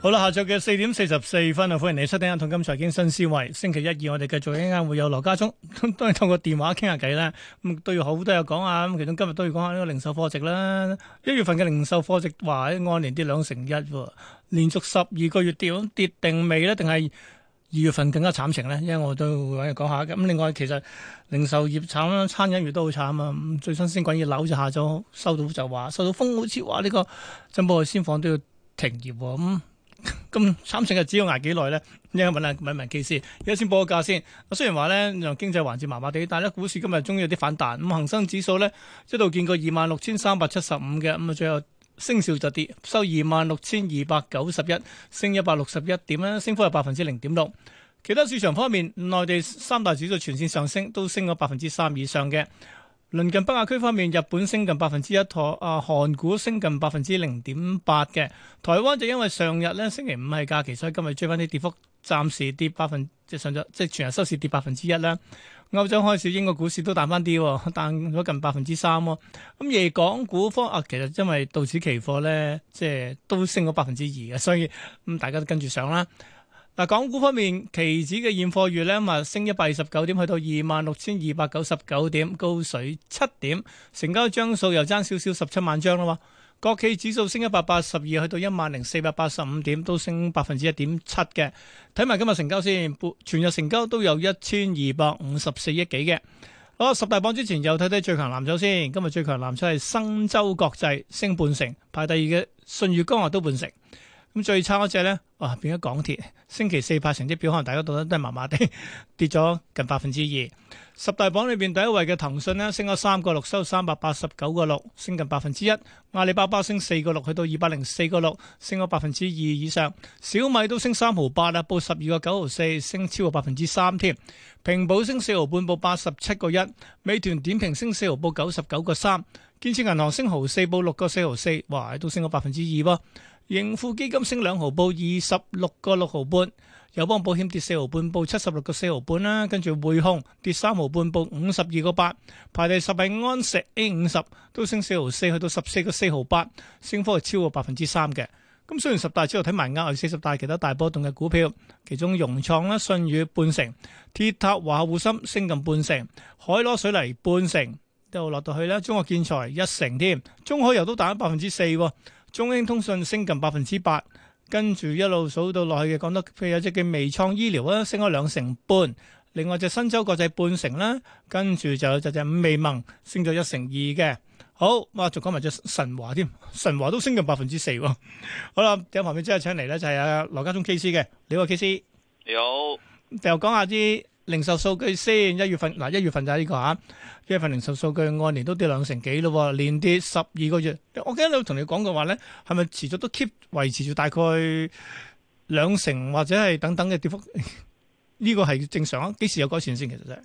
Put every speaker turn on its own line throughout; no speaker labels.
好啦，下晝嘅四點四十四分啊！歡迎你收聽《銅金財經新思維》。星期一、二我哋繼續啱啱會有羅家聰都係透過電話傾下偈啦。咁都要好多嘢講啊！咁其中今日都要講下呢個零售貨值啦。一月份嘅零售貨值話喺按年跌兩成一，連續十二個月跌，咁跌定未咧？定係二月份更加慘情咧？因為我都會搵人講下。咁另外其實零售業慘啦，餐飲業都好慘啊。最新鮮滾熱樓就下晝收到，就話收到風，好似話呢個珍寶海鮮舫都要停業咁。嗯咁慘成日，只要挨幾耐呢？問一你問下問文記先，而家先報個價先。我雖然話呢讓經濟環境麻麻地，但係呢股市今日終於有啲反彈。咁恒生指數呢，一度見過二萬六千三百七十五嘅，咁啊最後升少就跌，收二萬六千二百九十一，升一百六十一點呢，升幅係百分之零點六。其他市場方面，內地三大指數全線上升，都升咗百分之三以上嘅。鄰近北亞區方面，日本升近百分之一，台啊韓股升近百分之零點八嘅。台灣就因為上日咧星期五係假期，所以今日追翻啲跌幅，暫時跌百分即係上咗，即係全日收市跌百分之一啦。歐洲開始，英國股市都彈翻啲，彈咗近百分之三。咁而港股方，啊，其實因為道指期貨咧即係都升咗百分之二嘅，所以咁大家都跟住上啦。嗱，港股方面期指嘅現貨月咧，今日升一百二十九點，去到二萬六千二百九十九點，高水七點，成交張數又爭少少十七萬張啦嘛。國企指數升一百八十二，去到一萬零四百八十五點，都升百分之一點七嘅。睇埋今日成交先，全日成交都有一千二百五十四億幾嘅。好，十大榜之前又睇睇最強藍籌先，今日最強藍籌係新洲國際，升半成，排第二嘅舜宇光學都半成。咁最差嗰隻呢，哇、啊！變咗港鐵星期四發成績表，可能大家讀得都係麻麻地跌咗近百分之二。十大榜裏邊第一位嘅騰訊咧，升咗三個六，收三百八十九個六，升近百分之一。阿里巴巴升四個六，去到二百零四個六，升咗百分之二以上。小米都升三毫八啦，報十二個九毫四，升超過百分之三添。平保升四毫半，報八十七個一。美團點評升四毫，報九十九個三。建設銀行升毫四，報六個四毫四，哇！都升咗百分之二喎。盈富基金升兩毫報二十六個六毫半，友邦保險跌四毫半報七十六個四毫半啦，跟住匯控跌三毫半報五十二個八，排第十係安石 A 五十都升四毫四去到十四個四毫八，升幅係超過百分之三嘅。咁雖然十大之後睇埋額外四十大其他大波動嘅股票，其中融創啦、信譽半成、鐵塔華護芯升近半成，海螺水泥半成，就落到去啦。中國建材一成添，中海油都打咗百分之四。中興通訊升近百分之八，跟住一路數到落去嘅，講多，譬如有隻叫微創醫療啊，升咗兩成半，另外隻新洲國際半成啦，跟住就就隻五味盟升咗一成二嘅，好，哇，仲講埋隻神華添，神華都升近百分之四，好啦，喺旁邊即刻請嚟咧就係阿羅家聰 KC 嘅，你好 KC，你好，又講好下啲。零售數據先一月份嗱一月份就係呢個啊一月份零售數據按年都跌兩成幾咯，連跌十二個月。我記得你同你講過話咧，係咪持續都 keep 維持住大概兩成或者係等等嘅跌幅？呢個係正常啊？幾時有改善先？其實真係，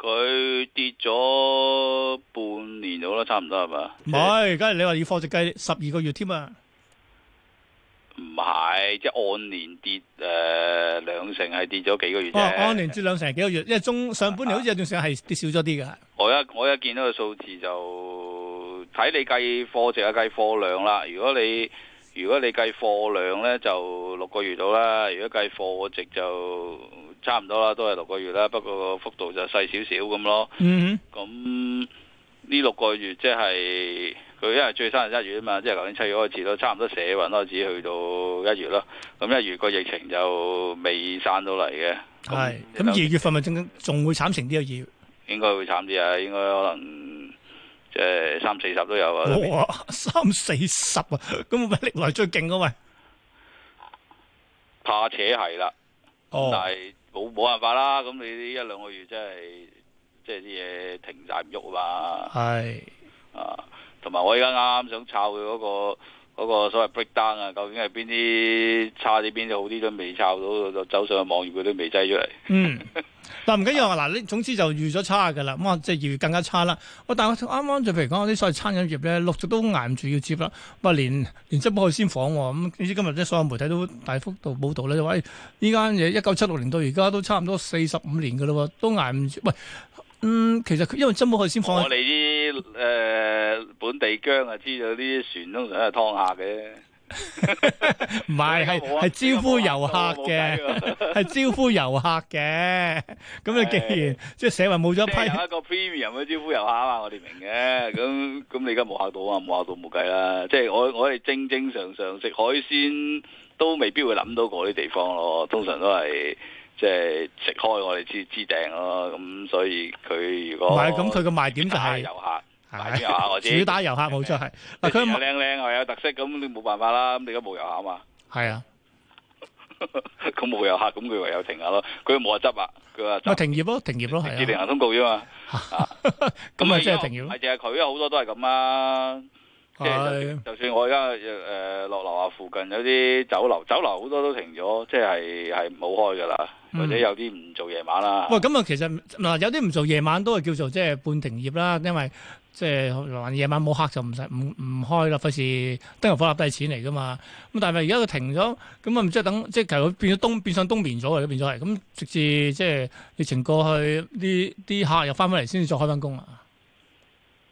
佢跌咗半年度啦，差唔多係嘛？
唔係、就是，梗係你話要貨值計十二個月添啊！
唔係，即係按年跌誒、呃、兩成，係跌咗幾個月、哦、按
年跌兩成幾個月，因為中上半年好似有段時間係跌少咗啲嘅。
我一我一見到個數字就睇你計貨值啊，計貨量啦。如果你如果你計貨量呢，就六個月到啦。如果計貨值就差唔多啦，都係六個月啦。不過幅度就細少少咁咯。嗯，嗯，咁呢六個月即、就、係、是。佢因為最生係一月啊嘛，即係舊年七月開始都差唔多社運開始去到一月咯，咁一月個疫情就未散到嚟嘅。
係，咁二月份咪正仲會慘成啲啊？二月
應該會慘啲啊，應該可能即係三四十都有啊。
三四十啊，咁咪歷來最勁噶嘛？喂，
怕且係啦，
哦、但係
冇冇辦法啦。咁你呢一兩個月真係即係啲嘢停晒唔喐啊嘛。係是啊。啊我而家啱啱想抄佢嗰個所謂 breakdown 啊，究竟係邊啲差啲，邊啲好啲都未抄到，就走上去網頁佢都未製出
嚟。嗯，嗱唔緊要啊，嗱你 總之就預咗差㗎啦。咁啊，即係預咗更加差啦。喂，但係我啱啱就譬如講啲所謂餐飲業咧，陸續都捱唔住要接啦。喂，連連珍寶海鮮舫喎，咁你知今日啲所有媒體都大幅度報導咧，話依間嘢一九七六年到而家都差唔多四十五年㗎啦，都捱唔住。喂，嗯，其實因為珍寶海鮮舫啊，我哋啲。
誒本地薑啊，知道啲船通常係劏客嘅，
唔係係係招呼遊客嘅，係招呼遊客嘅。咁你既然即係社會冇咗批，即係
一個 premium 去招呼遊客啊！我哋明嘅，咁咁你而家冇客到啊，冇客到冇計啦。即係我我係正正常常食海鮮，都未必會諗到嗰啲地方咯，通常都係。即係食開我哋知之訂咯，咁所以佢
如果唔係咁，佢個賣點就係、是、主打遊客，啊、主打遊客， 客、客，主打遊客冇錯係。佢唔
靚靚，又有特色，咁你冇辦法啦。咁你而家冇遊客嘛？係啊，咁冇遊客，咁佢唯有停下咯。佢冇得執啊，佢
話停業咯、啊，停業咯，係啊，另行通告啫嘛。咁咪即係停業
咯。咪就係佢啊，好多都係咁啊。
就
算我而家誒落樓下附近有啲酒樓，酒樓好多都停咗，即係唔好開噶啦，或者有啲唔做夜晚啦、嗯。喂，咁啊，
其實嗱，有啲唔做夜晚都係叫做即係半停業啦，因為即係夜晚冇客就唔使唔唔開啦，費事燈油火蠟都係錢嚟噶嘛。咁但係而家佢停咗，咁啊唔即係等即係佢變咗冬變上冬眠咗，而變咗係咁，直至即係疫情過去，啲啲客又翻返嚟先至再開翻工啊！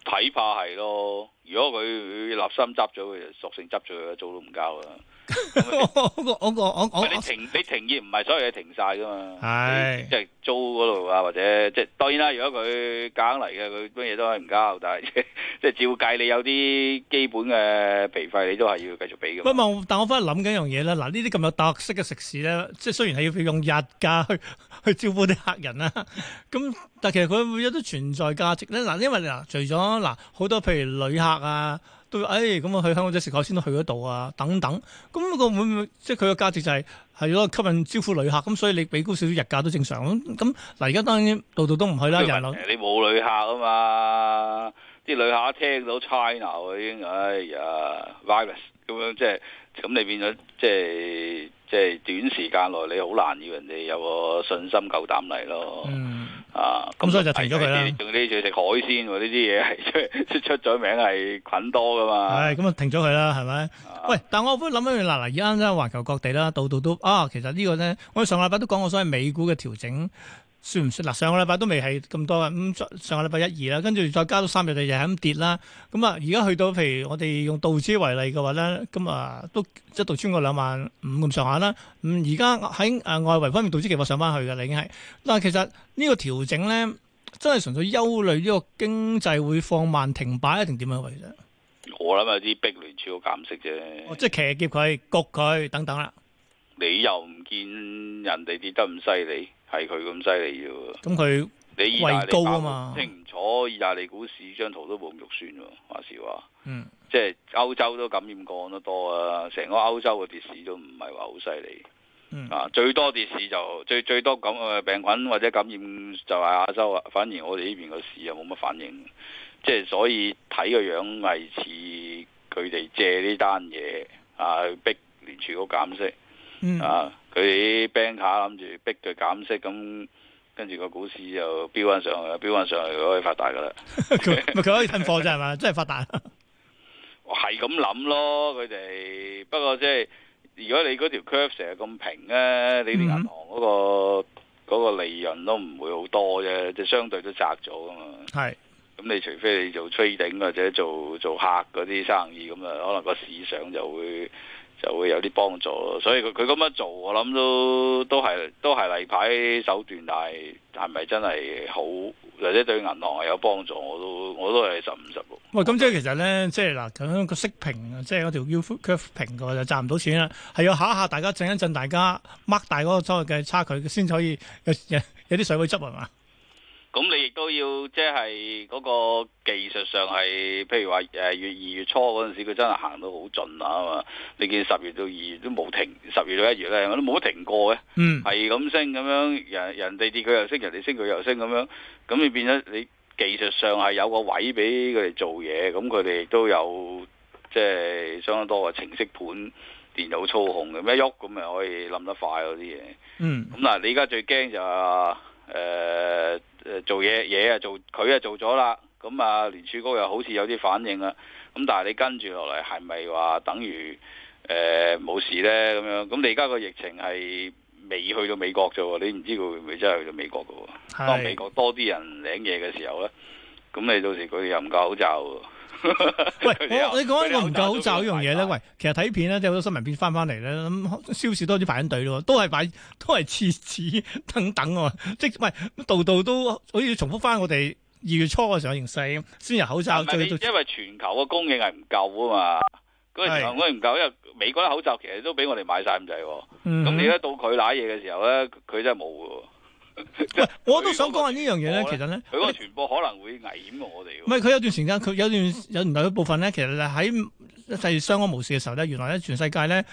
睇怕係咯。如果佢立心執咗，佢就索性執咗，佢租都唔交
啊！嗰個、 我我，是我，我你
停你停業唔係所有嘢停晒噶嘛？係即係租嗰度啊，或者即係當然啦。如果佢揀嚟嘅，佢乜嘢都可能唔交，但係即係照計，你有啲基本嘅皮費，你都係要繼續俾嘅。不
過，但我翻去諗緊一樣嘢啦。嗱，呢啲咁有特色嘅食肆咧，即係雖然係要用日價去去照顧啲客人啦，咁。但其實佢會有啲存在價值咧，嗱，因為嗱，除咗嗱，好多譬如旅客啊，都誒咁啊，哎、去香港仔食海鮮都去嗰度啊，等等，咁個會唔會即係佢嘅價值就係係咯吸引招呼旅客，咁所以你俾高少少日價都正常咁。咁嗱，而家當然度度都唔去啦，人流你
冇旅客啊嘛。啲旅客聽到 China 已經，哎呀，virus 咁樣，即係咁你變咗，即係即係短時間內你好難要人哋有個信心夠膽嚟咯。嗯啊，
咁所以就停咗佢啦。
仲呢、哎？仲食海鮮呢啲嘢係出出咗名係菌多噶嘛。唉、哎，
咁、嗯、啊，停咗佢啦，係咪？喂，但我會諗起嗱嗱，而家咧，環球各地啦，度度都啊，其實個呢個咧，我哋上禮拜都講過，所謂美股嘅調整。算唔算嗱？上個禮拜都未係咁多啊，咁、嗯、上個禮拜一二啦，跟住再加到三日就又咁跌啦。咁、嗯、啊，而家去到譬如我哋用道指為例嘅話咧，咁、嗯、啊都一度穿過兩萬五咁上下啦。嗯，而家喺誒外圍方面道，道、嗯、指其實上翻去嘅啦，已經係。但係其實呢個調整咧，真係純粹憂慮呢個經濟會放慢停擺，定點樣為咧？
我諗有啲逼聯儲減息啫。哦，
即係騎劫佢、焗佢等等啦。
你又唔見人哋跌得唔犀利？係佢咁犀利啫，咁佢
你意大利啊嘛，
清楚意大利股市張圖都冇咁肉酸喎，話時話，嗯，即係歐洲都感染過得多啊，成個歐洲嘅跌市都唔係話好犀利，嗯、啊，最多跌市就最最多感染病菌或者感染就係亞洲啊，反而我哋呢邊個市又冇乜反應，即係所以睇個樣係似佢哋借呢單嘢啊去逼聯儲局減息。嗯、啊，佢啲 bank 卡，諗住逼佢減息咁，跟住個股市就飆翻上去，飆翻上去可以發達噶啦。
佢可以囤貨啫係嘛，真係發達。
係咁諗咯，佢哋。不過即係如果你嗰條 curve 成日咁平咧，你啲銀行嗰個嗰個利潤都唔會好多啫，即係相對都窄咗啊嘛。係。咁你除非你做 trading 或者做做客嗰啲生意咁啊，可能個市場就會。就會有啲幫助咯，所以佢佢咁樣做，我諗都都係都係例牌手段，但係係咪真係好，或者對銀行係有幫助，我都我都係十五十六。
喂，咁即係其實咧，即係嗱，咁樣個息平，即係嗰條 U curve 平嘅話就賺唔到錢啦。係要下一下大家震一震，大家擘大嗰個收入嘅差距，先可以有有啲水去執係嘛？
咁你亦都要即係嗰個技術上係，譬如話誒，月二月初嗰陣時，佢真係行到好盡啊嘛！你見十月到二月都冇停，十月到一月咧，我都冇停過嘅，嗯，係咁升咁樣，人人哋跌佢又升，人哋升佢又升咁樣，咁你變咗你技術上係有個位俾佢哋做嘢，咁佢哋亦都有即係相當多嘅程式盤電腦操控嘅，一喐咁咪可以諗得快嗰啲嘢，嗯，咁嗱，你而家最驚就係。誒誒，uh, 做嘢嘢啊，就做佢啊做咗啦，咁啊，連柱哥又好似有啲反應啦，咁但係你跟住落嚟係咪話等於誒冇事咧？咁樣，咁你而家個疫情係未去到美國啫？你唔知佢會唔會真係去到美國噶？
是當美國
多啲人領嘢嘅時候咧，咁你到時佢哋又唔夠口罩。
喂，我你講一個唔夠口罩，夠口罩呢樣嘢咧，快快喂，其實睇片咧即係好多新聞片翻翻嚟咧，咁超市多啲排緊隊咯，都係擺，都係廁紙等等啊，即係唔係度度都好似重複翻我哋二月初嘅時候形勢咁，先有口罩，最因為
全球嘅供應係唔夠啊嘛，
嗰陣時唔夠，
因為美國啲口罩其實都俾我哋買晒咁滯，咁、嗯、哼你一到佢揦嘢嘅時候咧，佢真係冇。
喂，我都想講下呢樣嘢咧，其實咧，佢個
傳播可能會危險過我
哋，啊。唔係，佢有段時間，佢 有段有原來嘅部分咧，其實喺世事相安無事嘅時候咧，原來咧全世界咧。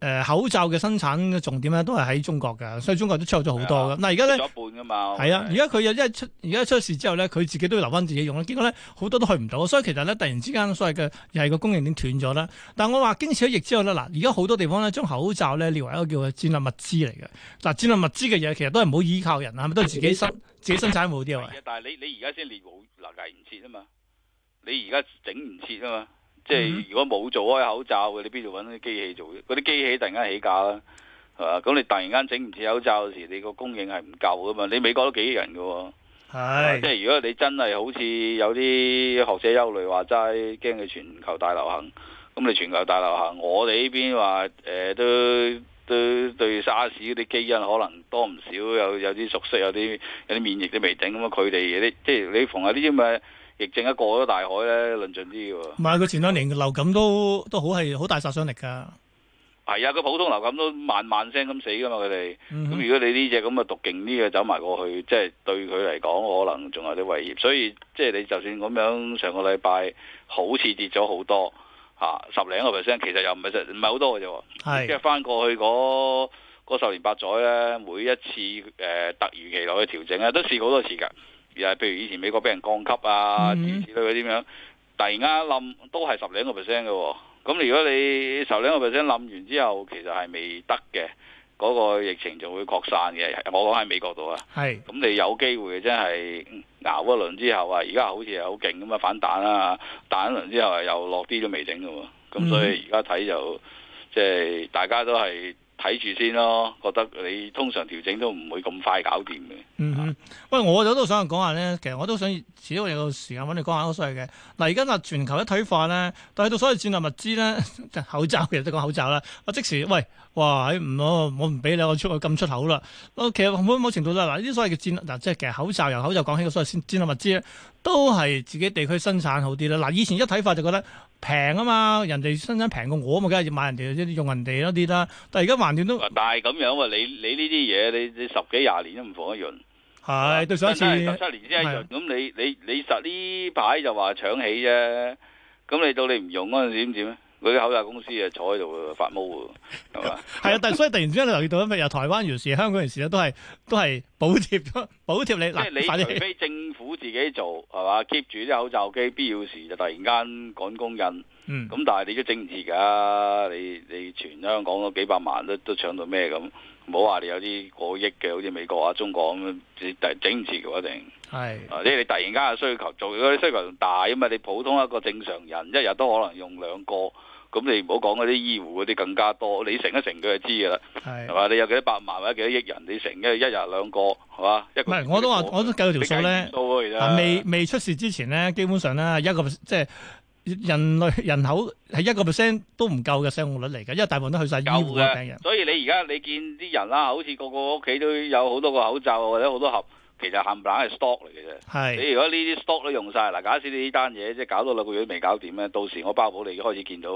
誒、呃，口罩嘅生產嘅重點咧，都係喺中國嘅，所以中國都出咗好多嘅。嗱、啊，而家咧，咗
半噶嘛。係
啊，而家佢又因為出而家出事之後咧，佢自己都要留翻自己用啦。結果咧，好多都去唔到，所以其實咧，突然之間，所謂嘅又係個供應鏈斷咗啦。但我話經此一疫之後咧，嗱，而家好多地方咧，將口罩咧列為一個叫做戰略物資嚟嘅。嗱，戰略物資嘅嘢其實都係唔好依靠人，係咪都係自己生的自己生產好啲啊？但係你你
而家先列，冇嗱計唔切啊嘛，你而家整唔切啊嘛。即係、嗯、如果冇做開口罩嘅，你邊度揾啲機器做？嗰啲機器突然間起價啦，係嘛？咁你突然間整唔切口罩時，你個供應係唔夠噶嘛？你美國都幾億人噶、啊，
係是、啊、即係
如果你真係好似有啲學者憂慮話齋，驚佢全球大流行，咁你全球大流行，我哋呢邊話誒、呃、都都，都對沙士嗰啲基因可能多唔少，有有啲熟悉，有啲有啲免疫都未整。咁啊！佢哋嗰啲即係你逢下啲咁啊！疫症一過咗大海咧，論盡啲喎、
啊。唔係佢前兩年嘅流感都都好係好大殺傷力㗎。係啊、
哎，個普通流感都萬萬聲咁死㗎嘛佢哋。咁、嗯、哼如果你呢隻咁啊毒勁啲嘅走埋過去，即係對佢嚟講可能仲有啲威脅。所以即係你就算咁樣，上個禮拜好似跌咗好多嚇、啊、十零個 percent，其實又唔係唔係好多嘅啫。即係翻過去嗰十年八載咧，每一次誒、呃、突如其來嘅調整咧，都試過好多次㗎。又譬如以前美國俾人降級啊，mm hmm. 之類嗰啲咁樣，突然間冧都係十兩個 percent 嘅喎。咁如果你十兩個 percent 冧完之後，其實係未得嘅，嗰、嗰個疫情就會擴散嘅。我講喺美國度啊，係是。咁你有機會真係熬一輪之後啊，而家好似又好勁咁啊，反彈啊，彈一輪之後又落啲都未整嘅喎。咁所以而家睇就即係大家都係。睇住先咯，覺得你通常調整都唔會咁快搞掂嘅。嗯
嗯，喂，我就都想講下咧。其實我都想，始終我哋個時間揾你講下好犀利嘅。嗱，而家嗱全球一睇法咧，但係到所謂戰略物資咧，口罩其實都講口罩啦。我即時喂，哇唔我唔俾你我出去咁出口啦。其實冇冇程度啦。嗱，呢啲所謂嘅戰，嗱即係其實口罩由口罩講起個所謂戰戰略物資咧。都係自己地區生產好啲啦，嗱以前一睇法就覺得平啊嘛，人哋生產平過我啊嘛，梗係買人哋用人哋多啲啦。但係而家橫掂都，但係咁樣喎，
你你呢啲嘢，你你，你十幾廿年都唔放一樣，
係對上一次十七年
先一樣，咁你你你實呢擺就話搶起啫，咁你到你唔用嗰陣點點咧？佢嘅口罩公司啊坐喺度發毛
啊，係啊，但係所以突然之間你留意到，因為由台灣、瑞士、香港嗰陣時咧都係都係補貼補貼你，即係你除非
政府自己做，係嘛，keep 住啲口罩機，必要時就突然間趕工人，嗯，咁但係你都政治噶，啊，你你全香港都幾百萬都都搶到咩咁。唔好話你有啲過億嘅，好似美國啊、中國咁，整整唔切嘅一定。係是，啊，即係你突然間嘅需求，做嗰啲需求仲大啊嘛！你普通一個正常人一日都可能用兩個，咁你唔好講嗰啲醫護嗰啲更加多。你乘一乘佢就知㗎啦，係嘛是？有你有幾多百萬或者幾多億人，你乘一日兩個係嘛？
唔係，是我都話我都計過條數咧，未未出事之前咧，基本上咧一個即係。人類人口係一個 percent 都唔夠嘅死亡率嚟嘅，因為大部分都去晒醫院嘅病人。
所以你而家你見啲人啦，好似個個屋企都有好多個口罩或者好多盒，其實冚唪唥係 stock 嚟嘅啫。係是你如果呢啲 stock 都用晒，嗱，假設你呢單嘢即係搞到六個月都未搞掂咧，到時我包保你開始見到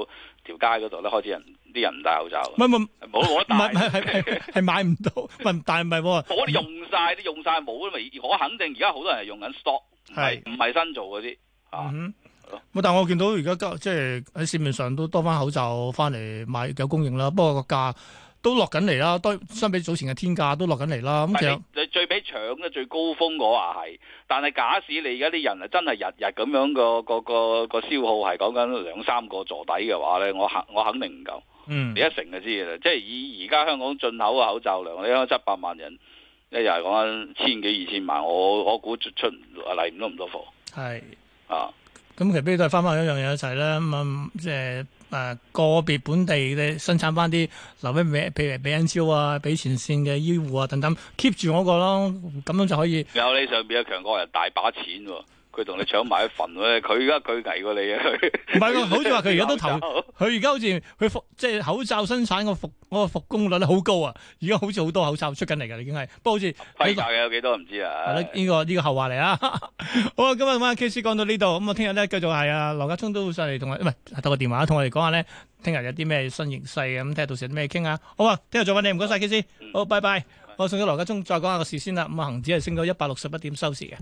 條街嗰度咧，開始人啲人唔戴口罩。唔
唔，唔好我唔唔係係係買唔到，唔係。 我哋用
晒，都用晒冇，嘛，我肯定而家好多人係用緊 stock，係唔係新做嗰啲
啊？ 但係我見到而家即係喺市面上都多翻口罩翻嚟買，有供應啦。不過個價都落緊嚟啦，都相比早前嘅天價都落緊嚟啦。咁
仲最俾搶嘅最高峰，我話係。但係假使你而家啲人真係日日咁樣個、嗰個個、嗰個消耗係講緊兩三個座底嘅話咧，我肯我肯定唔夠。嗯、你一成就知啦，即係以而家香港進口嘅口罩量，你睇七百萬人一日講緊千幾二千萬，我我估出嚟唔多唔多貨。
係是啊。咁其實都係翻翻一樣嘢一齊啦，咁啊即係誒個別本地嘅生產翻啲留俾美，譬如俾人超啊，俾前線嘅醫護啊等等，keep 住嗰個咯，咁樣就可以。
有你上邊嘅強國人大把錢喎、啊。佢同你搶埋一份佢而家佢提過你啊！唔係喎，好似話佢而家都投，
佢而家好似佢服即係口罩生產個服個復工率好高啊！而家好似好多口罩出緊嚟噶，已經係不過好似批
下有幾多唔知啊！呢
這個呢、這個後話嚟啊。 好啊，今日玩下 K C 講到呢度，咁我聽日咧繼續係啊。羅家聰都上嚟同我唔係透過電話，同我哋講下咧，聽日有啲咩新形勢啊？咁，聽日到時有咩傾啊！好啊，聽日再問你，唔該晒 K C。好，拜拜。我送咗羅家聰再講下個事先啦。咁啊，恒指係升到一百六十一點收市嘅。